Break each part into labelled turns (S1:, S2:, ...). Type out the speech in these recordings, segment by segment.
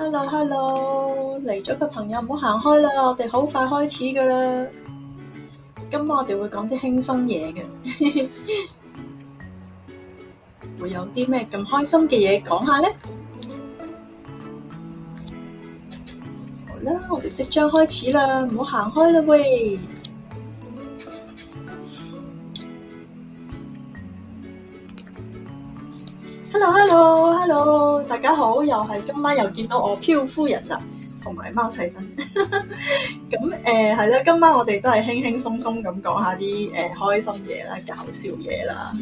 S1: Hello，Hello，嚟咗嘅朋友唔好行開啦，我哋好快開始㗎啦。今晚我哋會講啲輕鬆嘢嘅， 會有啲咩咁開心嘅嘢講下呢？好啦，我哋即將開始啦，唔好行開啦喂。Hello，Hello，Hello，hello, hello. 大家好，又係今晚又見到我漂夫人啦，同埋貓黐身咁誒係啦。今晚我哋都係輕輕鬆鬆咁講下啲誒、呃、開心嘢啦，搞笑嘢啦。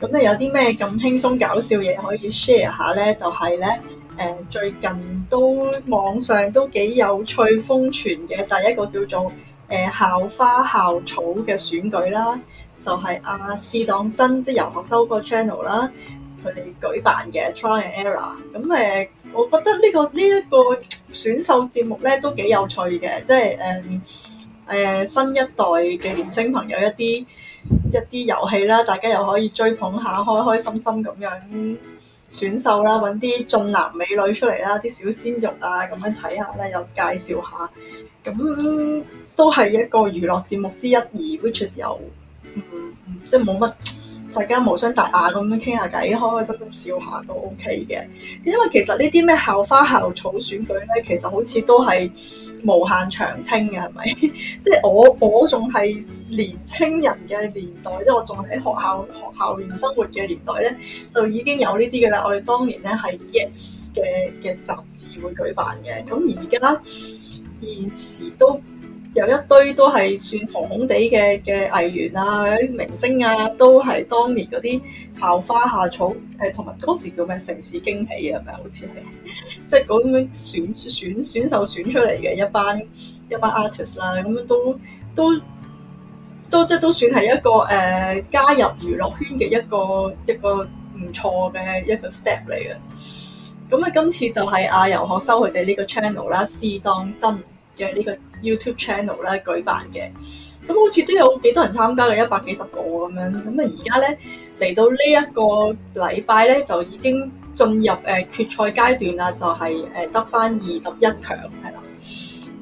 S1: 咁 誒有啲咩咁輕鬆搞笑嘢可以 share 下咧？就係咧誒最近都網上都幾有趣瘋傳嘅就係一個叫做誒、呃、校花校草嘅選舉啦，就係阿試當真即係遊學修個 channel 啦。就是佢哋舉辦嘅 Try and Error，咁誒，我覺得呢、呢個呢一、呢個選秀節目咧都幾有趣嘅，即係誒誒新一代嘅年青朋友一啲一啲遊戲啦，大家又可以追捧下，開開心心咁樣選秀啦，揾啲俊男美女出嚟啦，啲小鮮肉啊咁樣睇下啦，又介紹下，咁都係一個娛樂節目之一，而 Whiches、嗯嗯、有，唔即係冇乜。大家無傷大雅咁樣傾下偈，開開心心笑下都 OK 嘅。因為其實呢啲咩校花校草選舉咧，其實好似都係無限長青嘅，係咪？ 即係我我仲係年輕人嘅年代，即係我仲喺學校學校面生活嘅年代咧，就已經有呢啲嘅啦。我哋當年咧係 Yes 嘅嘅雜誌會舉辦嘅，咁而家現時都。有一堆都係算紅紅地嘅嘅藝員啊，明星啊，都係當年嗰啲校花、校草，誒，同埋嗰時叫咩城市驚喜選選啊，係咪？好似係即係嗰啲選選選秀選出嚟嘅一班一班 artist 啦，咁樣都都都即係都算係一個誒、呃、加入娛樂圈嘅一個一個唔錯嘅一個 step 嚟嘅。咁、嗯、啊，今次就係阿游學修佢哋呢個 channel 啦，試當真嘅呢、呢個 YouTube channel 咧舉辦嘅，咁好似都有幾多人參加嘅，一百幾十個咁樣，咁啊而家咧嚟到呢一個禮拜咧就已經進入誒、呃、決賽階段啦，就係誒得翻二十一強係啦，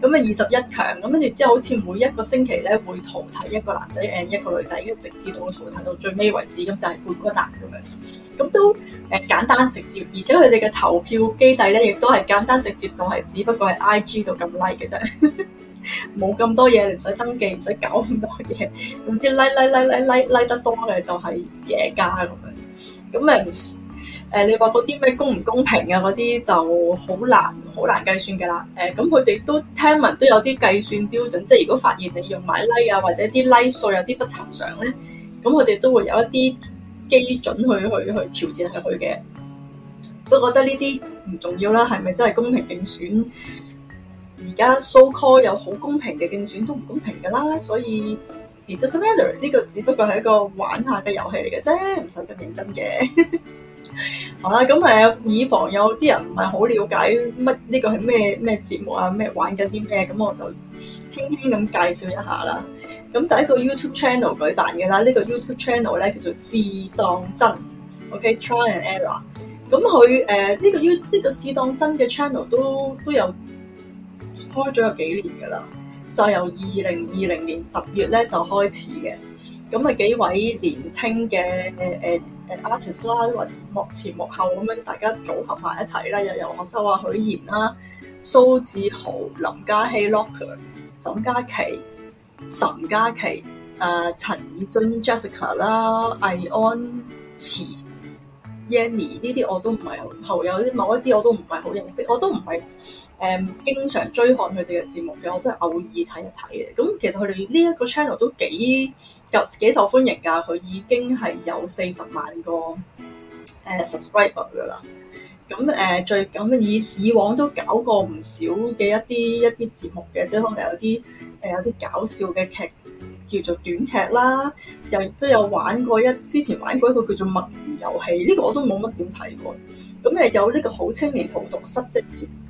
S1: 咁啊二十一強，咁跟住之後好似每一個星期咧會淘汰一個男仔 and 一個女仔，一直至到淘汰到最尾為止，咁就係半個蛋咁樣，咁都誒、呃、簡單直接，而且佢哋嘅投票機制咧亦都係簡單直接，就係、是、只不過喺 IG 度撳 like 嘅啫。 冇咁多嘢，唔使登記，唔使搞咁多嘢，總之拉拉拉拉拉拉得多嘅就係野家咁樣，咁咪誒你話嗰啲咩公唔公平啊嗰啲就好難好難計算噶啦，誒咁佢哋都聽聞都有啲計算標準，即係如果發現你用買拉啊或者啲拉數有啲不尋常咧，咁佢哋都會有一啲基準去去去調整佢嘅。不過覺得呢啲唔重要啦，係咪真係公平競選？而家 so call 有好公平嘅競選都唔公平噶啦，所以 it doesn't matter 呢個只不過係一個玩下嘅遊戲嚟嘅啫，唔使咁認真嘅。好 啦、啊，咁、嗯、誒，以防有啲人唔係好了解乜呢、這個係咩咩節目啊，咩玩緊啲咩，咁、嗯、我就輕輕咁介紹一下啦。咁、嗯、就係、一個 YouTube channel 舉辦嘅啦。這個、呢個 YouTube channel 咧叫做試當真，OK try and error。咁佢誒呢個 YouTube 呢個試、這個、當真嘅 channel 都都有。開咗有幾年噶啦，就由二零二零年十月咧就開始嘅。咁、嗯、啊幾位年青嘅誒誒 artist 啦，或幕前幕後咁樣大家組合埋一齊啦。有游學修啊、許賢啦、蘇致豪、林嘉熙、Locker、沈嘉琪、岑嘉琪、啊陳以俊、Jessica 啦、魏安慈、Yanny 呢啲我都唔係有後有啲某一啲我都唔係好認識，我都唔係。誒經常追看佢哋嘅節目嘅，我都係偶爾睇一睇嘅。咁其實佢哋呢一個 channel 都幾幾受歡迎㗎，佢已經係有四十萬個誒 subscriber 㗎啦。咁、呃、誒、呃、最咁以以往都搞過唔少嘅一啲一啲節目嘅，即係可能有啲誒有啲搞笑嘅劇叫做短劇啦，又都有玩過一之前玩過一個叫做墨魚遊戲，呢、這個我都冇乜點睇過。咁係、嗯、有呢個好青年荼毒室，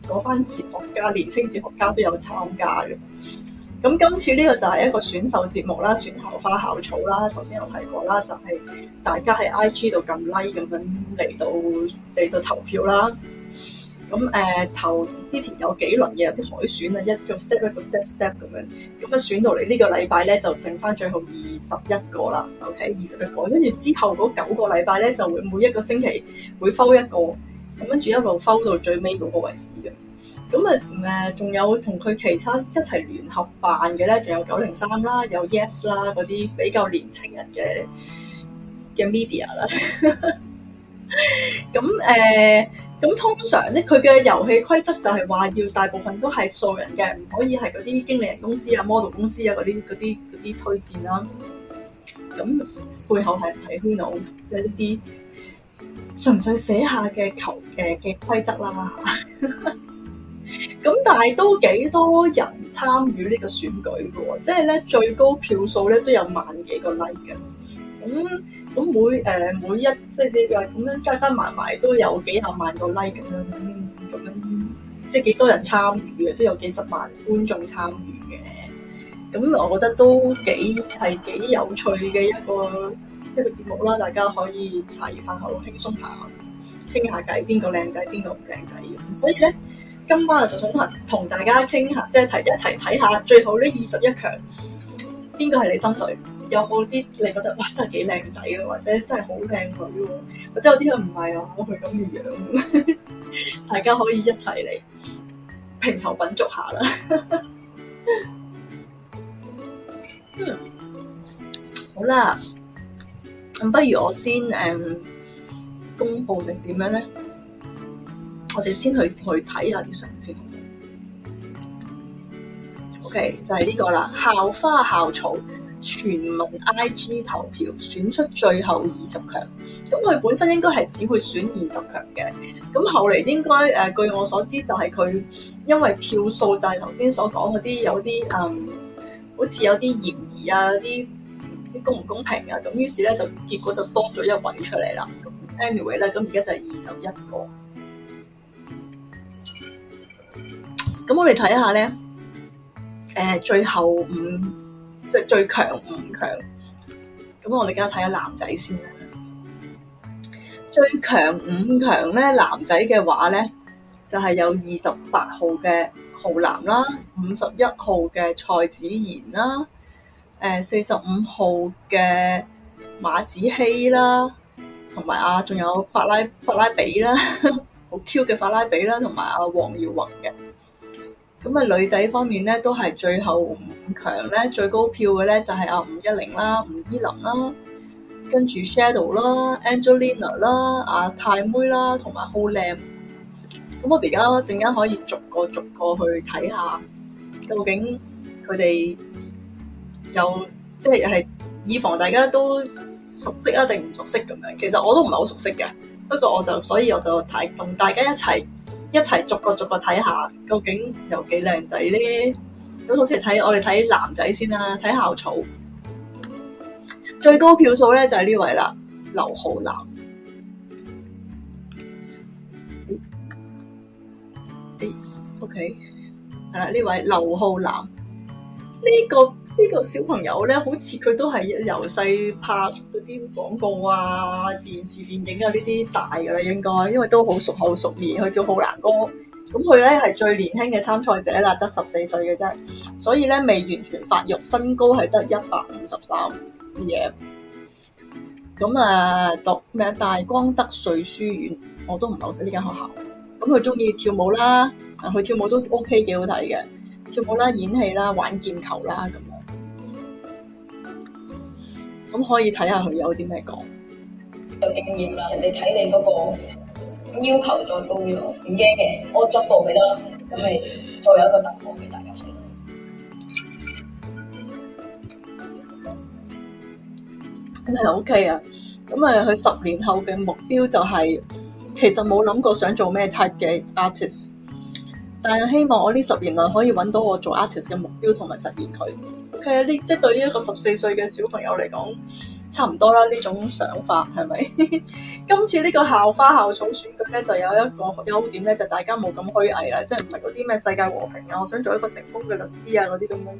S1: 嗰班哲學家、年輕哲學家都有參加嘅。咁、嗯、今次呢個就係一個選秀節目啦，選校花校草啦。頭先有提過啦，就係、是、大家喺 IG 度撳 like 咁樣嚟到嚟到投票啦。咁誒，頭、嗯、之前有幾輪嘅有啲海選啊，一個 step 一個 step step 咁樣，咁一選到嚟呢個禮拜咧就剩翻最後二十一個啦。OK，二十一個，跟住之後嗰九個禮拜咧就會每一個星期會抽一個，咁跟住一路抽到最尾嗰個位置嘅。咁啊誒，仲有同佢其他一齊聯合辦嘅咧，仲有九零三啦，有 Yes 啦嗰啲比較年青人嘅嘅 media 啦。咁誒。 咁通常咧，佢嘅遊戲規則就係話要大部分都係素人嘅，唔可以係嗰啲經理人公司啊、model 公司啊嗰啲啲啲推薦啦。咁背後係唔係圈即內嘅呢啲純粹寫下嘅求誒嘅規則啦？咁 但係都幾多人參與呢個選舉嘅喎，即係咧最高票數咧都有萬幾個 like 嘅，咁。咁每誒、呃、每一即係你話咁樣加加埋埋都有幾百萬個 like 咁樣咁樣，即係幾多人參與嘅都有幾十萬觀眾參與嘅，咁我覺得都幾係幾有趣嘅一個一個節目啦，大家可以茶餘飯後輕鬆下，傾下偈，邊個靚仔邊個唔靚仔。咁所以咧，今晚就想同同大家傾下，即係睇一齊睇下最後呢二十一強，邊個係你心水？有冇啲你覺得哇真係幾靚仔咯，或者真係好靚女喎，或者有啲佢唔係我樣樣，冇佢咁嘅樣，大家可以一齊嚟評頭品足下啦。呵呵嗯，好啦，咁不如我先誒、um, 公佈定點樣咧？我哋先去去睇下啲相先。OK，就係呢個啦，校花校草。全民 I.G 投票選出最後二十強，咁佢本身應該係只會選二十強嘅，咁後嚟應該誒、呃、據我所知就係、是、佢因為票數就係頭先所講嗰啲有啲誒、嗯，好似有啲嫌疑啊，啲唔知公唔公平啊，咁於是咧就結果就多咗一位出嚟啦。anyway 咧，咁而家就係二十一個。咁我哋睇下咧，誒、呃、最後五。最強五強，咁我哋而家睇下男仔先啦。最強五強咧，男仔嘅話咧，就係有二十八號嘅皓嵐啦，五十一號嘅蔡梓賢啦，誒四十五號嘅馬子希啦，同埋啊仲有法拉法拉比啦，好 Q 嘅法拉比啦，同埋阿黃耀宏嘅。咁啊，女仔方面咧，都係最後五強咧，最高票嘅咧就係阿510啦、510啦，跟住 Shadow 啦、Angelina 啦 Angel、阿太妹啦，同埋皓嵐。咁我哋而家陣間可以逐個逐個去睇下，究竟佢哋有即係係以防大家都熟悉啊定唔熟悉咁樣，其實我都唔係好熟悉嘅，不過我就所以我就提同大家一齊。一齊逐個逐個睇下，究竟有幾靚仔咧？咁首先睇我哋睇男仔先啦，睇校草，最高票數咧就係、是、呢位啦，劉皓嵐。誒 OK 係啦，呢、哎 okay 啊、位劉皓嵐。呢、呢個。呢個小朋友咧，好似佢都係由細拍嗰啲廣告啊、電視電影啊呢啲大噶啦，應該因為都好熟口熟面，佢叫皓嵐哥。咁佢咧係最年輕嘅參賽者啦，得十四歲嘅啫，所以咧未完全發育，身高係得一百五十三啲嘢。咁、嗯、啊，讀咩大光德瑞書院，我都唔熟悉呢間學校。咁佢中意跳舞啦，佢跳舞都 O K 幾好睇嘅，跳舞啦、演戲啦、玩劍球啦咁。咁可以睇下佢有啲咩講，有經驗啦。人哋睇你嗰個要求再高啲，唔驚嘅。我作步佢啦，咁咪再有一個突破俾大家睇。真係 OK 啊！咁啊、嗯，佢、okay，十年後嘅目標就係、是，其實冇諗過想做咩 type 嘅 artist。但係希望我呢十年內可以搵到我做 artist 嘅目標同埋實現佢。佢啊，呢，即係對於一個十四歲嘅小朋友嚟講，差唔多啦。呢種想法係咪？ 今次呢個校花校草選舉咧，就有一個優點咧，就是、大家冇咁虛偽啦，即係唔係嗰啲咩世界和平啊，我想做一個成功嘅律師啊嗰啲咁樣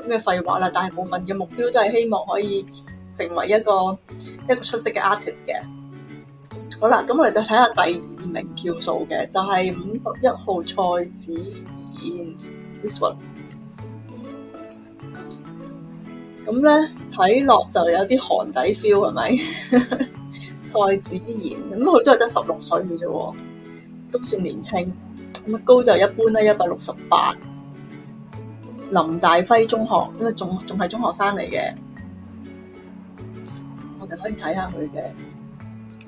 S1: 咁嘅廢話啦。大部分嘅目標都係希望可以成為一個一個出色嘅 artist 嘅。好啦，咁我哋就睇下第二名票數嘅，就係五十一號蔡梓賢 This one。咁咧睇落就有啲韓仔 feel 係咪？ 蔡梓賢咁佢都係得十六歲嘅啫，都算年青。咁啊高就一般啦，一百六十八。林大輝中學，因為仲仲係中學生嚟嘅，我哋可以睇下佢嘅。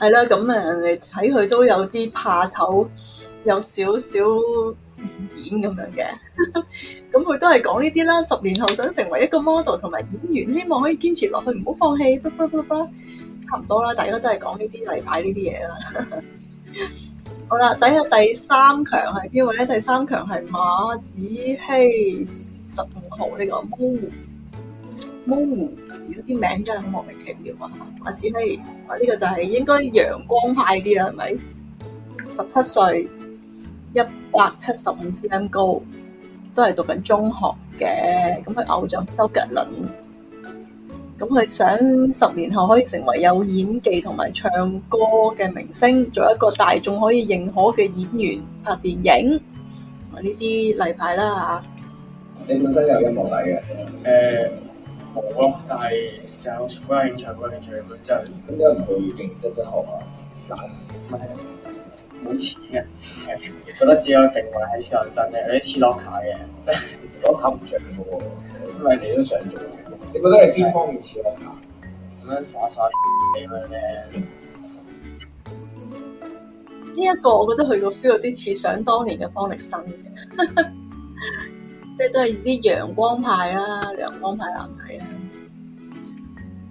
S1: 係啦，咁人哋睇佢都有啲怕醜，有少少演演咁樣嘅。咁佢都係講呢啲啦，十年後想成為一個 model 同埋演員，希望可以堅持落去，唔好放棄。啵啵啵差唔多啦，大家都係講呢啲例牌呢啲嘢啦。 好啦，底下第三強係邊位咧？第三強係馬子希十五號呢，呢個 moon moon 而如果啲名真係好莫名其妙啊！我只係我呢個就係應該陽光派啲啦，係咪？十七歲，一百七十五 cm 高，都係讀緊中學嘅。咁佢偶像周杰倫，咁佢想十年後可以成為有演技同埋唱歌嘅明星，做一個大眾可以認可嘅演員，拍電影。我呢啲例牌啦吓。你本身有音樂底嘅？誒。冇咯，但係有其他興趣，其他興趣咁就，點解唔去認真一學下？唔係，冇錢嘅。係覺得自己嘅定位喺潮州嘅，有啲持 l 卡嘅，即係我考唔着嘅喎。因為你都想做。 你覺得係邊方面持 l 卡？咁樣耍耍咁樣咧。呢一個我覺得佢個 feel 有啲似想當年嘅方力申嘅。即係都係啲陽光派啦、啊，陽光派男仔啦、啊。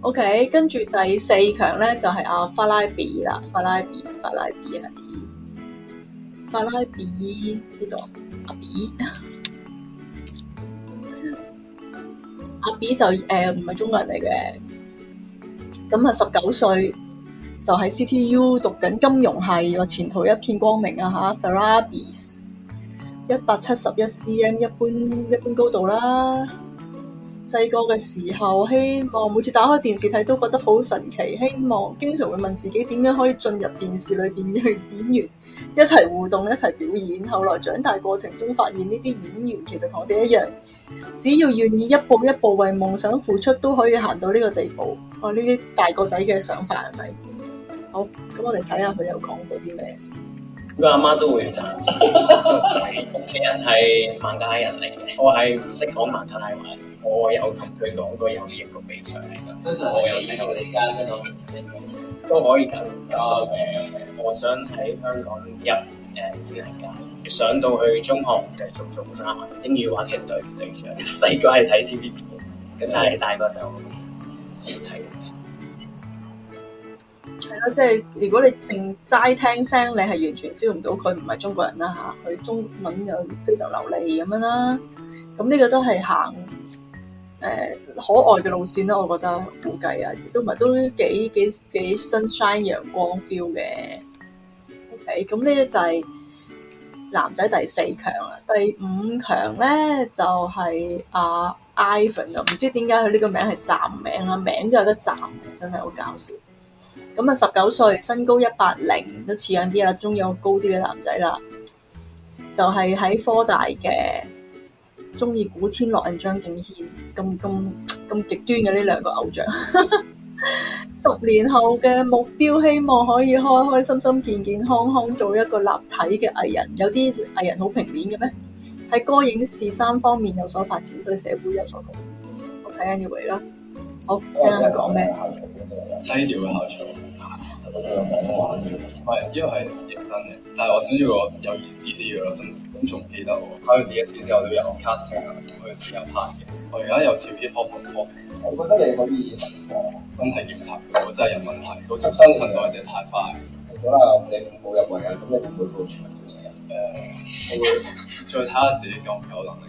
S1: OK，跟住第四強咧就係、是、阿、啊、法拉比 b i 啦，法拉比，法拉比呢度，阿比。阿、啊、比就誒唔係中國人嚟嘅，咁啊十九歲就喺 CTU 讀緊金融系，個前途一片光明啊嚇。一百七十一 cm，一般一般高度啦。細個嘅時候，希望每次打開電視睇都覺得好神奇，希望經常會問自己點樣可以進入電視裏邊去演員一齊互動、一齊表演。後來長大過程中發現呢啲演員其實同我哋一樣，只要願意一步一步為夢想付出，都可以行到呢個地步。哦，呢啲大個仔嘅想法係咪？好，咁我哋睇下佢有講過啲咩？佢阿媽都會賺錢，屋企人係孟加拉人嚟嘅。我係唔識講孟加拉話，我有同佢講過有呢一個比賽嚟嘅。真實係俾我哋家鄉到競爭，都可以咁。OK 我想喺香港入誒呢個界，上到去中學繼續做學生，英語話劇隊隊長。細個係睇 TVB，咁但係大個就少睇。係啦，即係如果你淨齋聽聲，你係完全 feel 唔到佢唔係中國人啦吓，佢、啊、中文又非常流利咁樣啦、啊，咁呢個都係行誒可愛嘅路線啦，我覺得估計啊，亦都唔係都幾幾幾 sunshine 陽光 feel 嘅。OK，咁呢個就係男仔第四強啦，第五強呢就係阿 Ivan 啊，唔知點解佢呢個名係站名啊，名都有得站，真係好搞笑。咁啊，十九歲，身高 180, 一八零，都似樣啲啦，中意我高啲嘅男仔啦，就係、是、喺科大嘅，中意古天樂跟張敬軒咁咁咁極端嘅呢兩個偶像。 十年後嘅目標，希望可以開開心心、健健康康，做一個立體嘅藝人。有啲藝人好平面嘅咩？喺歌、影視三方面有所發展，對社會有所貢獻。我睇 anyway 啦。我聽佢講咩？低調嘅考場，唔係，因為係認真嘅，但係我想要個有意思啲嘅咯，咁仲記得我考完第一次之後，都有 casting 去試入拍嘅。我而家有跳 hip hop 我覺得你可以身體檢查，我真係有問題，個新陳代謝太快。咁啊，你冇入圍啊，咁你會唔會報誒？我會，再睇下自己有冇能力。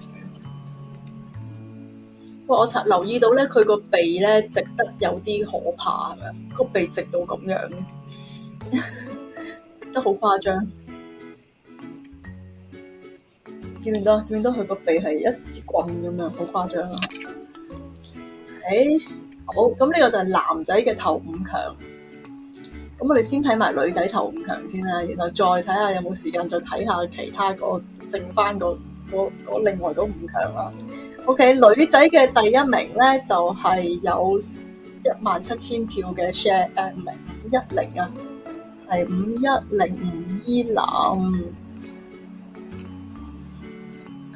S1: 我察留意到咧，佢個鼻咧直得有啲可怕，係咪啊？個鼻直到咁樣，直得好誇張。見唔見到？見唔見到？佢個鼻係一支棍咁樣，好誇張啊！誒，好，咁呢個就係男仔嘅頭五強。咁我哋先睇埋女仔頭五強先啦，然後再睇下有冇時間，再睇下其他嗰剩翻嗰嗰嗰另外嗰五強啊！O.K. 女仔嘅第一名咧，就係有一萬七千票嘅 share，誒，五一零啊，係五一零吳依林，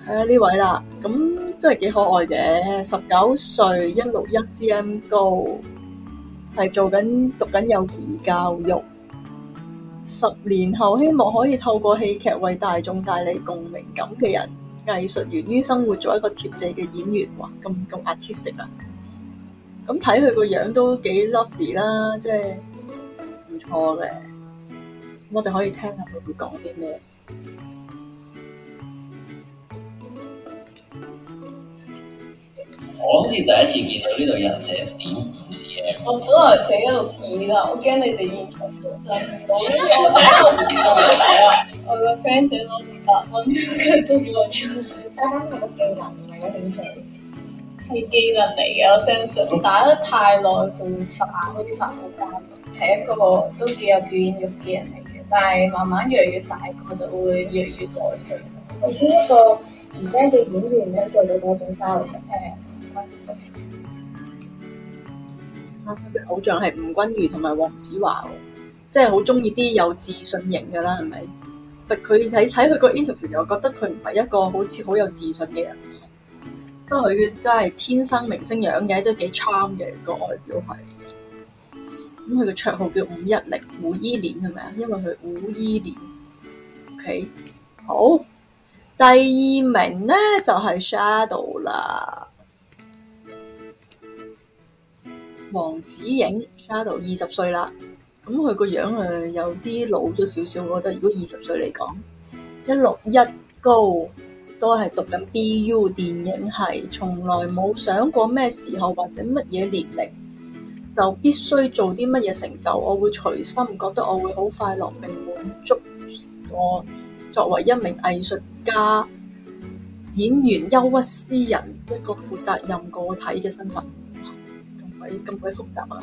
S1: 誒呢位啦，咁真係幾可愛嘅，十九歲，一六一 cm 高，係做緊讀緊幼兒教育，十年後希望可以透過戲劇為大眾帶嚟共鳴感嘅人。藝術源於生活，做一個貼地嘅演員哇，咁咁 artistic 啊！咁睇佢個樣都幾 lovely 啦，即係唔錯嘅。咁我哋可以聽下佢會講啲咩？我好似第一次見到呢度人寫點 M，我本來寫一個二啦，我驚你哋認錯咗。 我個 friend 寫咗五百蚊，都我、嗯、幾好彩。單單係我嘅人嚟嘅興趣，係技能嚟嘅。我相信我打得太耐仲會發眼嗰啲發紅斑。係、啊、一個都幾有表演欲嘅人嚟嘅，但係慢慢越嚟越大個就會越嚟越內斂。我呢一個而家嘅演員咧，佢對我點花？誒、嗯，偶像係吳君如同埋黃子華即係好中意啲有自信型嘅啦，係咪？佢睇睇佢個 interview 又覺得佢唔係一個好似好有自信嘅人，不過佢真係天生明星樣嘅，即係幾 charm 嘅個外表係。咁佢個綽號叫五一零，五依年係咪啊？因為佢五依年。OK，好，第二名咧就係、是、Shadow 啦，王子影 Shadow 二十歲啦。咁佢個樣誒有啲老咗少少，我覺得如果二十歲嚟講，一六一高都係讀緊 BU 電影係，從來冇想過咩時候或者乜嘢年齡就必須做啲乜嘢成就，我會隨心覺得我會好快樂並滿足我作為一名藝術家、演員、憂鬱詩人一個負責任個體嘅身份，咁鬼咁鬼複雜啊！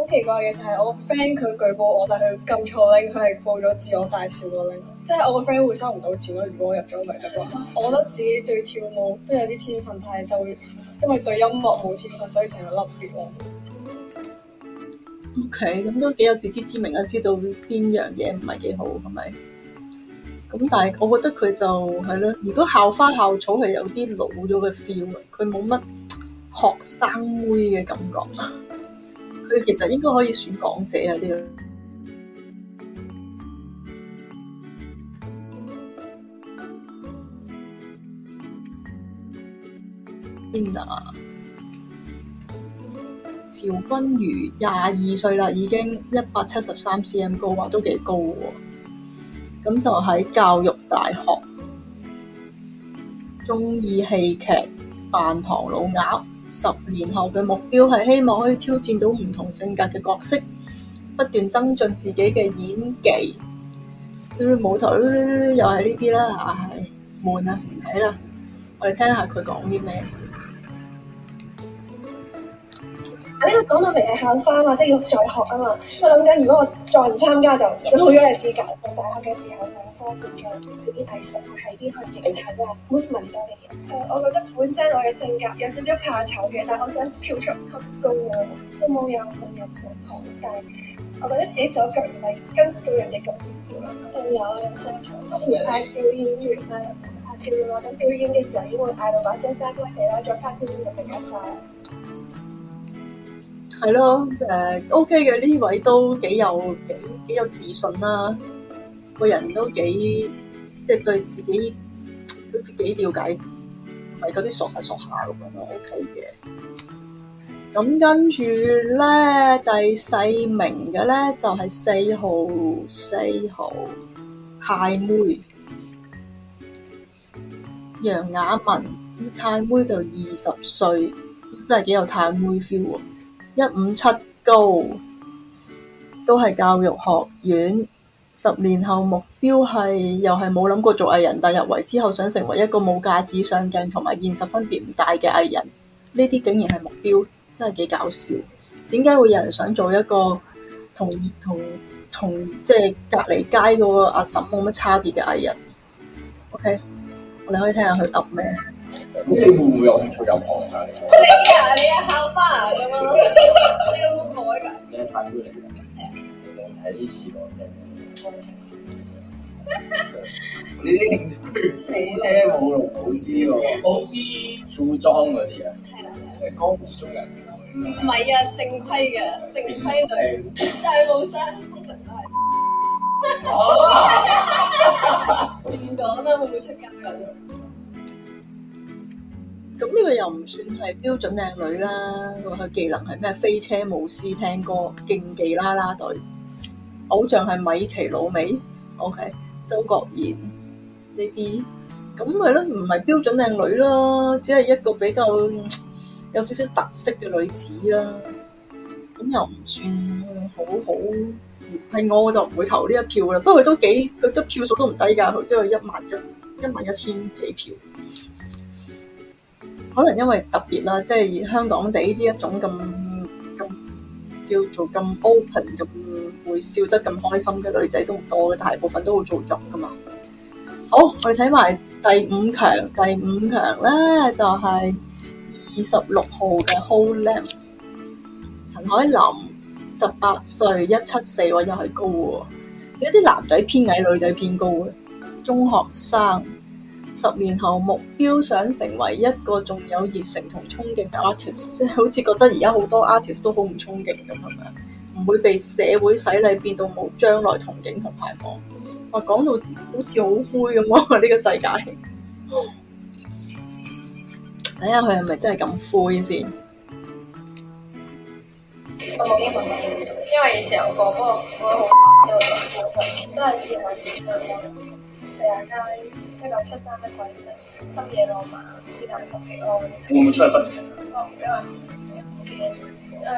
S1: 好奇怪嘅就係我個 friend 佢舉報我，但係佢撳錯 link，佢係報咗自我介紹個 link，即係我個 friend 會收唔到錢咯。如果我入咗，咪得咯。我覺得自己對跳舞都有啲天分，但係就會因為對音樂冇天分，所以成日甩裂咯。OK，咁都幾有自知之明啊，知道邊樣嘢唔係幾好，係咪？咁但係我覺得佢就係咯，如果校花校草係有啲老咗嘅 feel 啊，佢冇乜學生妹嘅感覺。佢其實應該可以選港姐啊啲啦。邊、這個、 君如廿二歲啦，已經一百七十三 cm 高啊，都幾高喎。咁就喺教育大學，鍾意戲劇，扮唐老鴨。十年後嘅目標係希望可以挑戰到唔同性格嘅角色，不斷增進自己嘅演技。舞台又係呢啲啦，唉、哎，悶呀，唔睇啦。我哋聽下佢講啲咩。呢、啊，這個講到明係校花嘛，即係要再學啊嘛。我諗緊，如果我再唔參加就，就冇咗你資格。到大學嘅時候就，我科目咗，嗰啲藝術係啲可以影體啊，好多文多嚟嘅。誒，我覺得本身我嘅性格有少少怕醜嘅，但係我想跳出色素啊，都冇有冇有妥當。但係我覺得自己手腳唔係跟到人哋咁先得。誒有啊，有相同。誒表演員啦，啊，譬如話咁表演嘅時候，因為嗌到把聲沙沙起啦，再翻表演就平晒。係咯，誒、嗯、OK 嘅呢位都幾有幾幾有自信啦，個人都幾即係對自己好似幾了解，唔係嗰啲熟下熟下咁咯 OK 嘅。咁、嗯、跟住咧第四名嘅咧就係、是、四號四號太妹楊雅文，太妹就二十歲，真係幾有太妹 feel 喎。一五七高，都係教育學院。十年後目標係，又係冇諗過做藝人，但入圍之後想成為一個冇架子上鏡、上鏡同埋現實分別唔大嘅藝人。呢啲竟然係目標，真係幾搞笑。點解會有人想做一個同同同即係隔籬街嗰個阿嬸冇乜差別嘅藝人？OK，我哋可以聽下佢答咩？你會唔會有興趣入行㗎？你啊，你係校花嚟㗎嘛？你老母改㗎？你係睇書嚟㗎？睇啲視覺啫。你啲汽車舞龍舞獅㗎？舞獅、裝裝嗰啲啊？係啦，係鋼絲中人。唔係啊，正規嘅，正規類。大學生通常都好哦。唔講啦，會唔會出街㗎？咁呢個又唔算係標準靚女啦，佢技能係咩飛車舞師、聽歌、競技啦啦隊，偶像係米奇、老美，OK，周國賢呢啲，咁係咯，唔係標準靚女啦，只係一個比較有少少特色嘅女子啦。咁又唔算好好，係我我就唔會投呢一票啦。不過佢都幾，佢都票數都唔低㗎，佢都有一萬一、一萬一千幾票。可能因為特別啦，即係以香港地呢一種咁咁叫做咁 open，咁會笑得咁開心嘅女仔都唔多嘅，大部分都會做作㗎嘛。好，我哋睇埋第五強，第五強呢就係二十六號嘅皓嵐，陳海林，十八歲，一七四喎，又係高喎。有啲男仔偏矮，女仔偏高嘅中學生。十年後目標想成為一個仲有熱誠同衝勁嘅 artist，即係好似覺得而家好多 artist 都好唔衝勁咁樣，唔會被社會洗禮變到冇將來憧憬同盼望。我講到好似好灰咁啊，呢個世界。睇下佢係咪真係咁灰先。 因為以前我個我好我我，就是、自我自我自我我我我我我我一九七三的鬼日，深夜浪漫，斯坦福奇案。我唔出嚟拍攝，因為因為唔見，誒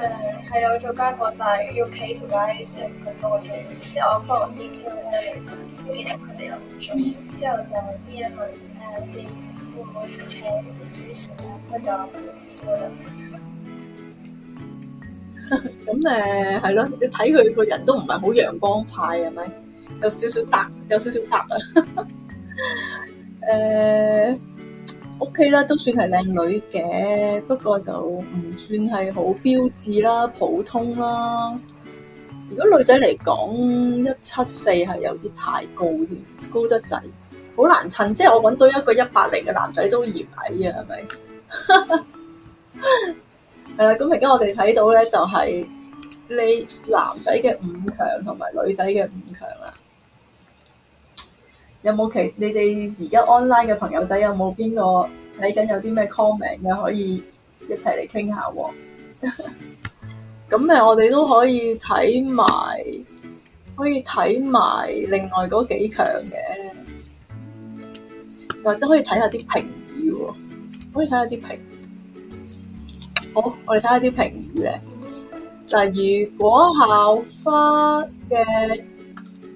S1: 係有做街貨，但係要企條街，即係唔夠多嘢。之後我 follow E Q 咧，其實佢哋有做。之後就啲人問誒，可唔可以請啲小食咧？咁誒係咯，你睇佢個人都唔係好陽光派，係咪？有少少搭，有少少搭啊！ 誒、uh,，OK 啦，都算係靚女嘅，不過就唔算係好標致啦，普通啦。如果女仔嚟講，一七四係有啲太高添，高得滯，好難襯。即係我搵到一個一百零嘅男仔都嫌矮啊，係咪？係 啦，咁而家我哋睇到咧，就係、是、你男仔嘅五強同埋女仔嘅五強啦。有冇其，你哋而家 online 嘅朋友仔有冇邊個睇緊，有啲咩 comment 嘅可以一齊嚟傾下、哦？咁誒，我哋都可以睇埋，可以睇埋另外嗰幾強嘅，或者可以睇下啲評語。可以睇下啲評語。好，我哋睇下啲評語咧。但、啊、係如果校花嘅。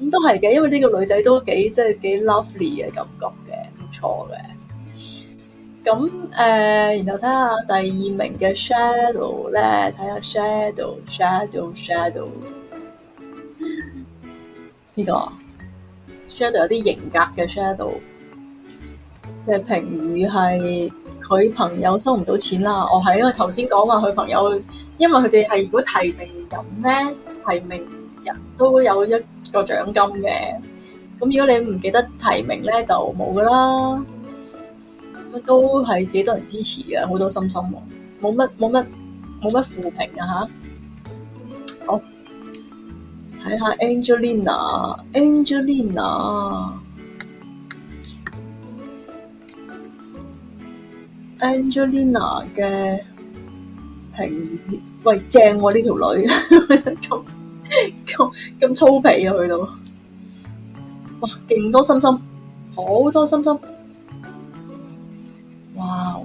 S1: 咁都係嘅，因為呢個女仔都幾即係幾 lovely 嘅感覺嘅，唔錯嘅。咁誒、呃，然後睇下第二名嘅 sh sh shadow 咧 shadow，睇下 shadow，shadow，shadow，呢個？shadow 有啲型格嘅 shadow 嘅評語係佢朋友收唔到錢啦。我、哦、係因為頭先講話佢朋友，因為佢哋係如果提名咁咧，提名人都有一個獎金嘅，咁如果你唔記得提名咧，就冇噶啦都係幾多人支持嘅，好多心心喎，冇乜冇乜冇乜負評啊吓。好，睇下 Angelina，Angelina，Angelina 嘅評，喂，正喎呢條女。咁咁粗鄙啊！去到哇，勁多心心，好多心心，哇！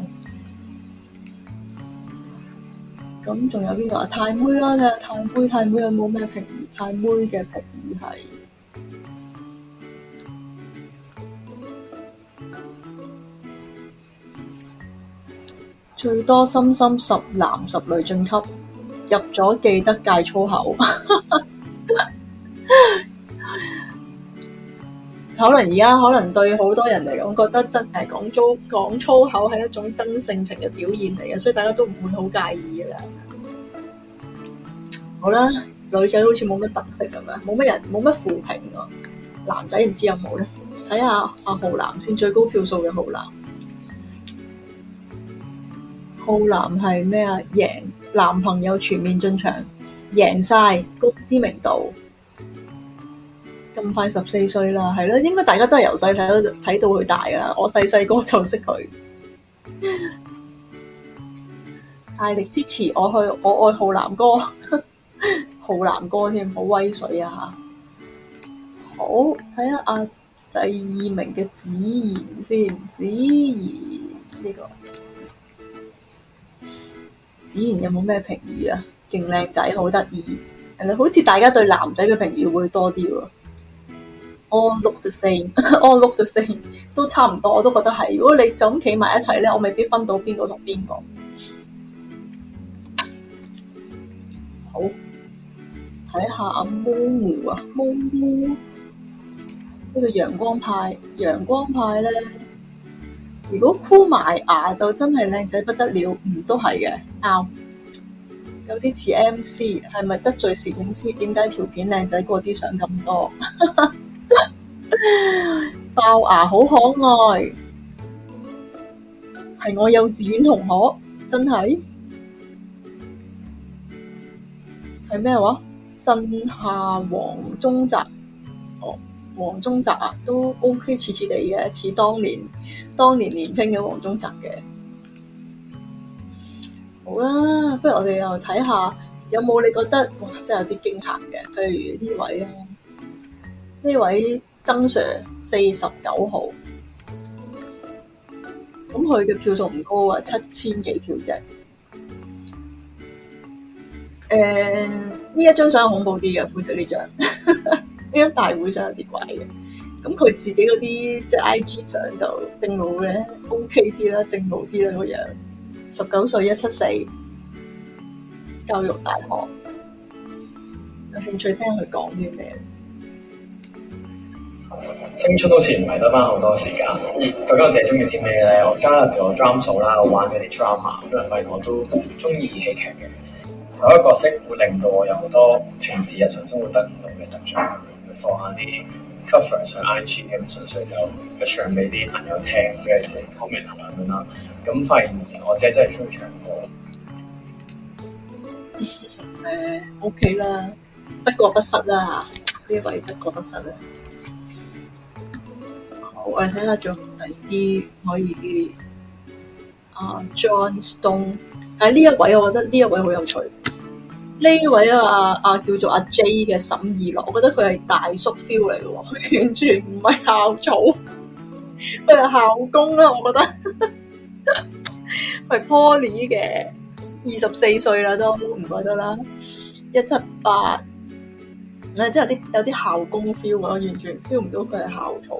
S1: 咁仲有邊個啊？太妹啦，你太妹太妹有冇咩評語？太妹嘅評語係最多心心十男十女晉級入咗，記得戒粗口。可能而家可能對好多人嚟講，覺得真係講粗講粗口係一種真性情嘅表現嚟嘅，所以大家都唔會好介意噶啦。好啦，女仔好似冇乜特色咁樣，冇乜人冇乜負評喎。男仔唔知有冇咧？睇下阿浩南先，最高票數嘅浩南。浩南係咩啊？贏男朋友全面進場，贏晒高知名度。咁快十四歲啦，係咯，應該大家都係由細睇到睇到佢大㗎。我細細個就識佢，大力支持我去。我愛浩南哥， 浩南哥添好威水啊！好睇下阿第二名嘅梓賢先，梓賢呢、這個梓賢有冇咩評語啊？勁靚仔，好得意，人好似大家對男仔嘅評語會多啲喎。all look the same，all look the same， 都差唔多，我都覺得係。如果你就咁企埋一齊咧，我未必分到邊個同邊個。好，睇下阿 m 毛啊，m 毛，呢個陽光派，陽光派咧，如果箍埋牙就真係靚仔不得了，唔、嗯、都係嘅。啱、哦，有啲似 MC，係咪得罪攝影師？點解條片靚仔過啲相咁多？ 爆牙好可愛，係我幼稚園同學，真係係咩話？鎮下黃宗澤哦，黃宗澤啊，都 OK，似似哋嘅，似當年當年年青嘅黃宗澤嘅。好啦，不如我哋又睇下有冇你覺得哇，真係有啲驚嚇嘅，譬如呢位啊，呢位。曾 sir 四十九號，咁佢嘅票數唔高啊，七千幾票啫。誒、嗯，呢一張相恐怖啲嘅，灰色呢張，呢 張大會上有啲怪嘅。咁佢自己嗰啲即係 I G 相就正路嘅，OK 啲啦，啊，正路啲啦個樣。十九歲，一七四，教育大學，有興趣聽佢講啲咩？青春好似唔係得翻好多時間。再加上我自己中意啲咩咧？我加入咗 drum 組啦，我玩嗰啲 drama。咁發現我都中意戲劇嘅。有一個角色會令到我有好多平時日常生活得唔到嘅特長。去放下啲 cover 上 IG，純粹就唱一唱俾啲朋友聽 share 嚟 comment 咁樣啦。咁發現我自己真係中意唱歌。誒、uh，OK 啦，不過不失啦，呢位不過不失啦。我嚟睇下，仲第二啲可以啲。啊，John Stone。喺 John 呢、啊、一位，我覺得呢一位好有趣。呢位啊啊，叫做阿、啊、J 嘅沈二樂，我覺得佢係大叔 feel 嚟嘅喎，完全唔係校草，佢 係校工啦、啊。我覺得佢係 Poly 嘅，二十四歲啦都唔怪得啦，一七八。誒，即係有啲有啲校工 feel 嘅、啊，我完全 feel 唔到佢係校草。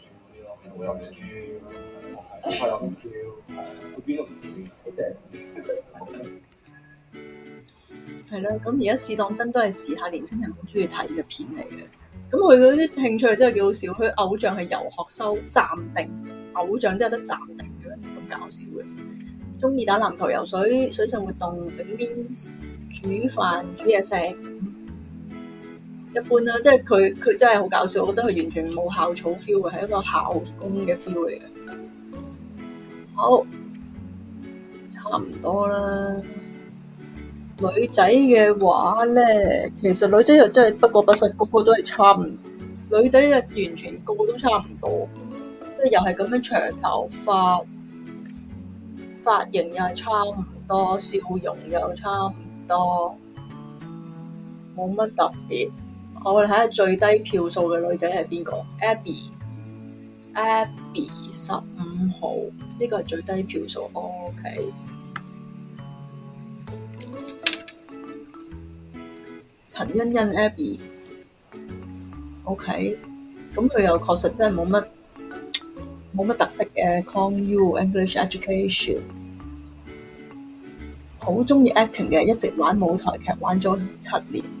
S1: 又唔係又咁，而家試當真都係試下年青人好中意睇嘅片嚟嘅。咁佢嗰啲興趣真係幾好笑，佢偶像係遊學收暫定，偶像真係得暫定嘅，咁搞笑嘅。中意打籃球、游水、水上活動、整麵、煮飯、煮嘢食。一般啦，啊，即係佢，佢真係好搞笑，我覺得佢完全冇校草 feel 嘅，係一個校工嘅 feel 嚟嘅。好，差唔多啦。女仔嘅話咧，其實女仔又真係不過不失，個個都係差唔。女仔就完全個個都差唔多，即係又係咁樣長頭髮，髮型又係差唔多，笑容又差唔多，冇乜特別。我哋睇下最低票數嘅女仔係邊個？Abby，Abby 十五號呢個係最低票數。Oh, OK。陳欣欣 Abby，OK。咁 Abby。佢、okay。又確實真係冇乜冇乜特色嘅。Call you English Education，好中意 acting 嘅，一直玩舞台劇，劇玩咗七年。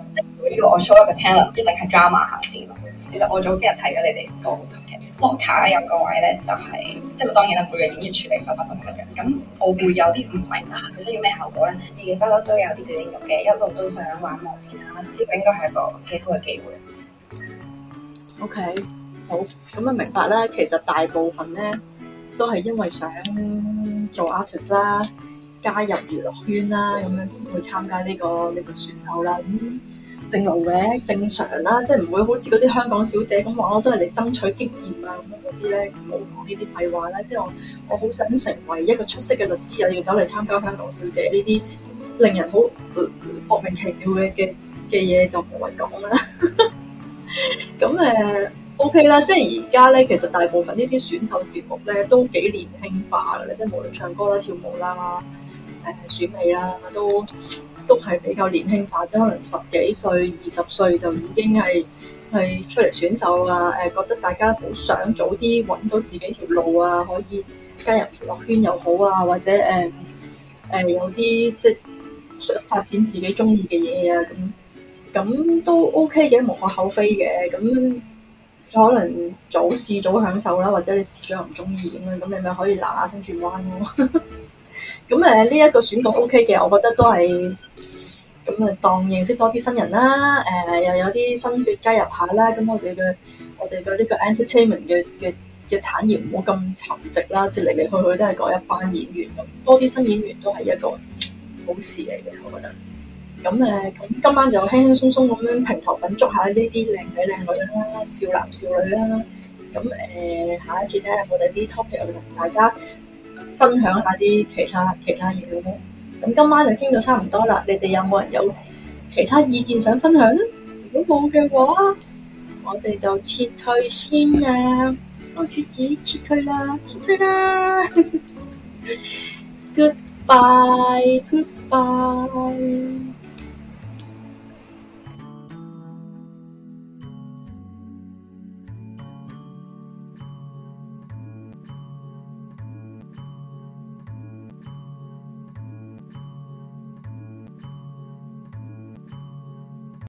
S1: 如果我 show 一個 talent，一定係 drama 行先。其實我早幾日睇咗你哋個話題。local 有個位咧，就是，就係即係當然啦，每個演員處理手法都唔一樣。咁我會有啲唔明啊，佢需要咩效果咧？自己不嬲都有啲嘅，一路都想玩幕前啦，呢個應該係一個幾好嘅機會。OK，好，咁啊明白啦。其實大部分咧都係因為想做 artist 啦，加入娛樂圈啦，咁樣先會參加呢個呢個選手啦。咁、嗯。正路嘅正常啦，即係唔會好似嗰啲香港小姐咁話我都係嚟爭取經驗啊咁樣嗰啲咧，冇講呢啲廢話啦。即係我，我好想成為一個出色嘅律師，又要走嚟參加香港小姐呢啲令人好莫、嗯、名其妙嘅嘅嘅嘢，就冇謂講啦。咁 誒 OK 啦，即係而家咧，其實大部分呢啲選秀節目咧都幾年輕化嘅咧，即係無論唱歌啦、跳舞啦、誒選美啦，都。都係比較年輕化，即可能十幾歲、二十歲就已經係係出嚟選秀啊。誒、呃，覺得大家好想早啲揾到自己條路啊，可以加入娛樂圈又好啊，或者誒誒、呃呃、有啲即想發展自己中意嘅嘢啊。咁咁都 OK 嘅，無可厚非嘅。咁、嗯、可能早試早享受啦，或者你試咗唔中意咁，咁你咪可以嗱嗱聲轉彎咯。咁誒呢一個選擇 OK 嘅，我覺得都係。咁啊，當認識多啲新人啦，誒又有啲新血加入下啦，咁我哋嘅我哋嘅呢個 entertainment 嘅嘅嘅產業唔好咁沉寂啦，即係嚟嚟去去都係嗰一班演員咁，多啲新演員都係一個好事嚟嘅，我覺得。咁誒，咁今晚就輕輕鬆鬆咁樣評頭品足下呢啲靚仔靚女啦，少男少女啦。咁誒，下一次睇我哋啲 topic，我哋同大家分享下啲其他其他嘢咯。咁今晚就傾到差唔多啦，你哋有冇人有其他意見想分享咧？如果冇嘅話，我哋就撤退先呀。幫主子撤退啦，撤 退啦。Goodbye，goodbye。